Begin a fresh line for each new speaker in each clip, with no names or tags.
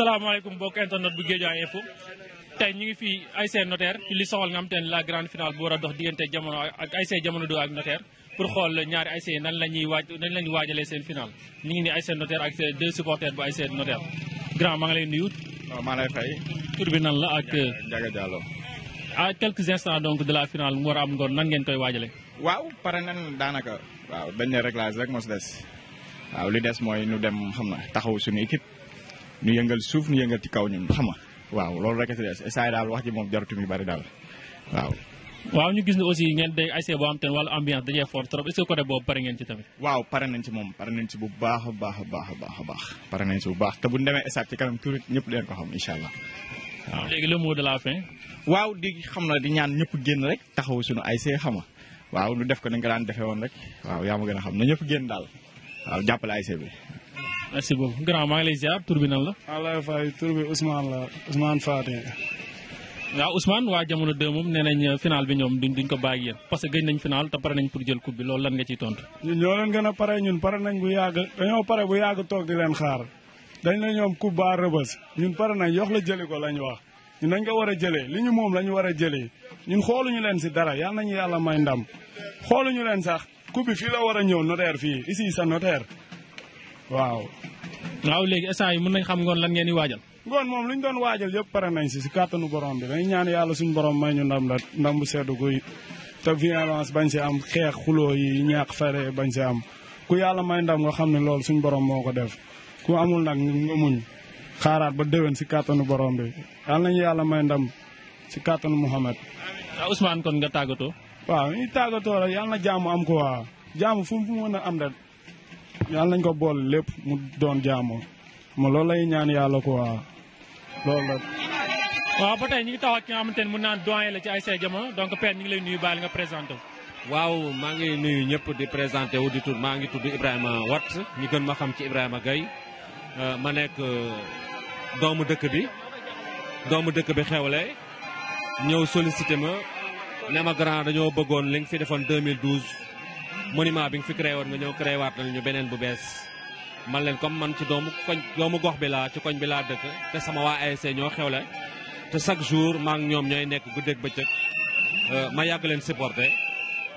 salaamaaleykum mbokk internet bu Guédiawaye info tey ñu ngi fi ASC Notaire ci li soxal nga xam te la grande finale bu war a dox diggante jamono ak ASC jamono do ak Notaire pour xool ñaari ASC nan la ñuy waaj nan la ñuy waajalee seen final ñu ngi ni ASC Notaire ak deux supporters bu ASC Notaire grand maa ngi leen nuyu. waaw maa lay fay. la ak. Ndiaga Diallo. à quelques instants donc de la finale mu war am ngoon nan ngeen koy waajalee. waaw pare nan daanaka. waaw dañ ne réglage rek moo si des. waaw des mooy ñu dem xam na taxaw suñu équipe. ñu yëngal suuf ñu yëngal ci kaw ñun xam nga waaw loolu rek a saa daal wax ji moom jarutu mi bari daal waaw. ñu gis ne aussi ngeen de ay see boo xam te ne wàllu ambiance dajee fort trop est-ce que côté boobu pare ngeen ci tamit. waaw pare nañ ci moom pare nañ ci bu baax a baax a baax a baax pare nañ ci bu baax te bu ñu demee stade ci kanam tuuti ñëpp leen ko xam incha allah waaw. léegi le mot de la fin. waaw di xam na di ñaan ñëpp génn rek taxaw suñu ay see xama waaw lu def ko ni nga daan defee woon rek waaw yaa ma gën a xam na ñëpp génn daal jàppale ay see bi.
merci beaucoup grand maa ngi lay ziar tur bi nan la. allah fay tur bi Ousmane la Ousmane Faté.
waaw Ousmane wa jamono de mom nenañ euh, final bi ñom duñ duñ ko bàyyi yeen parce que gëj nañ final ta paré nañ pour jël coupe bi lool lan nga ci tontu.
ñu ñoo leen gëna paré ñun paré nañ bu yàgg dañoo paré bu yàgg tok di leen xaar dañ ne ñom coupe ba rebeus ñun paré nañ yox la jëlé ko lañ wax ñu nañ nga wara jëlé jëlee li ñu moom la ñu war a jëlee ñun leen ci dara yàlla nañ yàlla may ndam xoolu ñu leen sax coupe bi fi la wara a ñëw notaire fi ici sa notaire waaw. waaw léegi instant yi mën nañ xam ngoon lan ngeen di waajal. ngoon moom lu ñu doon waajal yëpp pare nañ si si kàttanu borom bi dañuy ñaan yàlla suñ borom may ñu ndam la ndam bu sedd guy te violence bañ si am xeex xuloo yi ñaax fere bañ si am ku yàlla may ndam nga xam ne lool suñu borom moo ko def ku amul nag nga muñ xaaraat ba déwén si kàttanu borom bi yàlla nañu yàlla may ndam si kàttanu Mouhamed.
waaw Ousmane kon nga tàggatoo.
waaw ñu tàggatoo rek am ko rek yàlla nañ ko bool lépp mu doon jaamu moo loolu lay ñaan yàlla ko waa loolu
waaw ba tey ñu ngi taxaw ki nga xamante ne mën naa doyen la ci ay say jamono donc père ñu ngi lay nuyu baal nga présenté wu. waaw maa ngi
nuyu ñëpp di présenté wu di tudd maa ngi tudd Ibrahima Wat ñu gën ma xam ci Ibrahima gay euh, ma nekk euh, doomu dëkk bi doomu dëkk bi xewle ñëw sollicité ma ne ma grand dañoo bëggoon li nga fi defoon 2012. monument bi nga fi créé woon nga ñëw créé waat nañu beneen bu bees man leen comme man ci doomu koñ doomu gox bi laa ci koñ bi laa dëkk te sama waa ASC ñoo xewle te chaque jour maa ngi ñoom ñooy nekk guddeeg bëccëg euh, ma yàgg leen supporter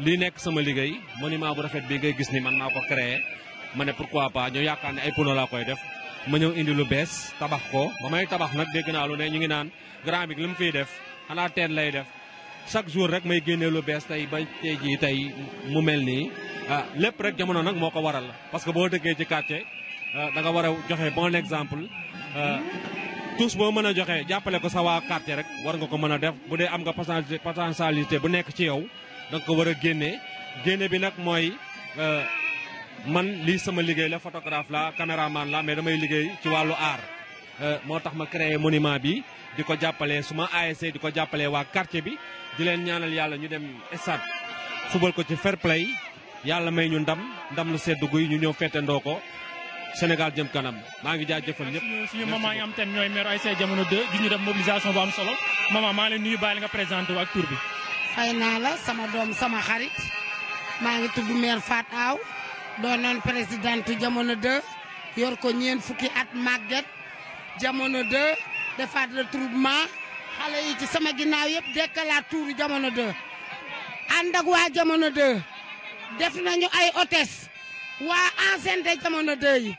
lii nekk sama liggéey monument bu rafet bi ngay gis ni man maa ko créé ma ne pourquoi pas ñu yaakaar ne ay pono laa koy def ma ñëw indi lu bees tabax ko ba may tabax nag dégg naa lu ne ñu ngi naan grand bi li mu fiy def xanaa teen lay def chaque jour rek may génnee lu bees tey ba tey jii tey mu mel nii ah, lépp rek jamono nag moo ko waral parce que boo dëggee ci quartier ah, danga nga war a joxe bon exemple ah, tous boo mën a joxe jàppale ko sa waa quartier rek war nga ko mën a def bu dee am nga potentialité bu nekk ci yow da ko war a génnee génne bi nag mooy man lii sama liggéey la photographe la caméraman la mais damay liggéey ci wàllu aar Euh, motax ma créé monument bi diko jappalé suma ASC diko jappalé wa quartier bi di len ñaanal yalla ñu dem stade football ko ci fair play yalla may ñu ndam ndam lu sedd guy ñu ñew fété ndoko Sénégal jëm kanam
ma ngi jaa jëfël ñep suñu maman yi am tam ñoy maire ASC jamono 2 di ñu dem mobilisation bu am solo maman ma ngi leen nuyu bàyyi nga présenté ak tour bi
fayna la sama dom sama xarit ma ngi tuddu maire Fat Aw do non présidente jamono 2 yor ko ñeen fukki at magget jamono 2 le retroupement xalé yi ci sama yeb dekk la tuuru jamono 2 and ak wa jamono 2 def nañu ay hôtesse waa enceinte jamono 2 yi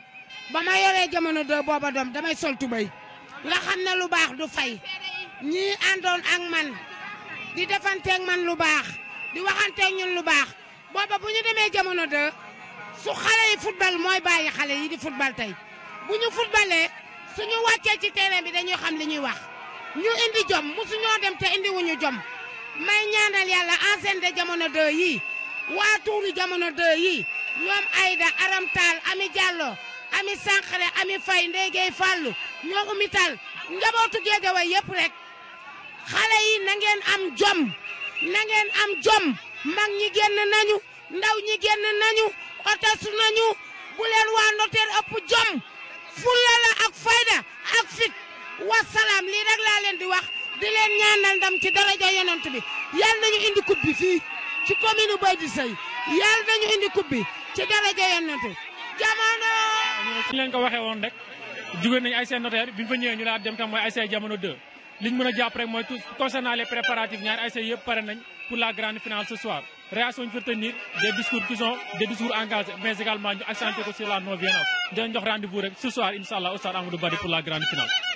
ba ma yoree jamono 2 boba dom damay sol tubay la xam lu bax du fay ñi àndoon ak man di ak man lu bax di waxanteeg ñun lu bax boba bu ñu demee jamono 2 su xalé yi football moy baye xalé yi di football tay bu ñu suñu wàccee ci terrain bi dañuy xam li ñuy wax ñu indi jom musuñoo dem te indi wuñu jom may ñaanal yàlla ancienne de jamono 2 yii waa tuuri jamono 2 yii ñoom Aïda Aram Taal Ami Diallo Ami Sankharé Ami Faye Ndégué Fallou ñoo umi taal njabootu Géejawaay yëpp rek xale yi am jom na am jom mag ñi nañu ndaw ñi nañu otos nañu bu waa noteer ëpp jom fulla la ak fayda ak fit wasalaam lii rek laa leen di wax di leen ñaanal ndam ci daraja yonent bi yàlla nañu indi coupe bi fii ci commune Baye Seye yàlla nañu indi coupe bi ci daraja yonent bi jamono. ñu leen ko waxee woon
rek jugee nañu ay seen notaire bi ñu fa ñëwee ñu laa dem tam mooy ay seen li ñu mën a jàpp rek mooy tout concernant les ñaari ay seen yëpp pare nañ pour la grande finance ce réaction ñu fi tenir des discours qui sont des discours engagés mais également ñu accentuer ko sur la non violence dinañ jox rendez-vous rek ce soir incha allah au pour la grande finale